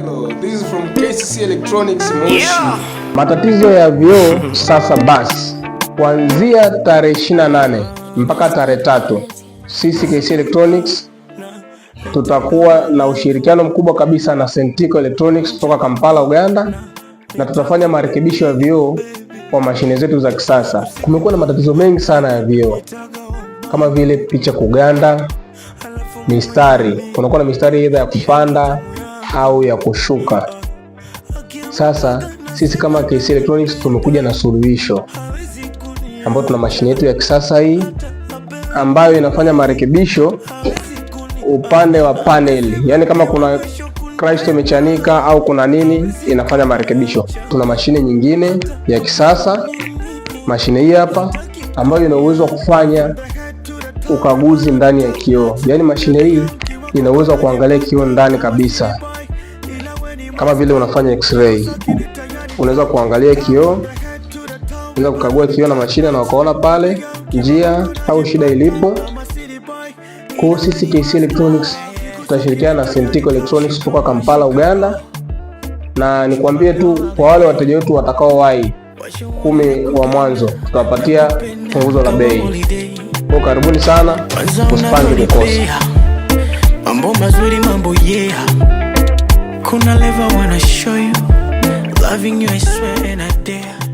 Hello, this is from KCC Electronics Moshi. Yeah. Matatizo ya vyoo sasa basi, kuanzia tarehe 28 mpaka tarehe tatu, sisi KCC Electronics tutakuwa na ushirikiano mkubwa kabisa na Sentico Electronics kutoka Kampala, Uganda na tutafanya marekebisho ya vioo kwa mashine zetu za kisasa. Kumekuwa na matatizo mengi sana ya vyoo kama vile picha kuganda, mistari, kunakuwa na mistari aidha ya kupanda au ya kushuka. Sasa sisi kama KC Electronics tumekuja na suluhisho ambayo tuna mashine yetu ya kisasa hii ambayo inafanya marekebisho upande wa panel, yaani kama kuna crash imechanika au kuna nini, inafanya marekebisho. Tuna mashine nyingine ya kisasa, mashine hii hapa, ambayo ina uwezo wa kufanya ukaguzi ndani ya kioo, yaani mashine hii ina uwezo wa kuangalia kioo ndani kabisa kama vile unafanya x-ray. Unaweza kuangalia kioo, unaweza kukagua kioo na mashine na ukaona pale njia au shida ilipo. Kwa sisi KC Electronics tutashirikiana na Sentico Electronics kutoka Kampala, Uganda, na nikwambie tu kwa wale wateja wetu wai kumi wa mwanzo tutawapatia punguzo la bei. Kwa karibuni sana, usipange kukosa mambo mazuri, mambo yeah. Kuna level want I show you, loving you, I swear and I dare.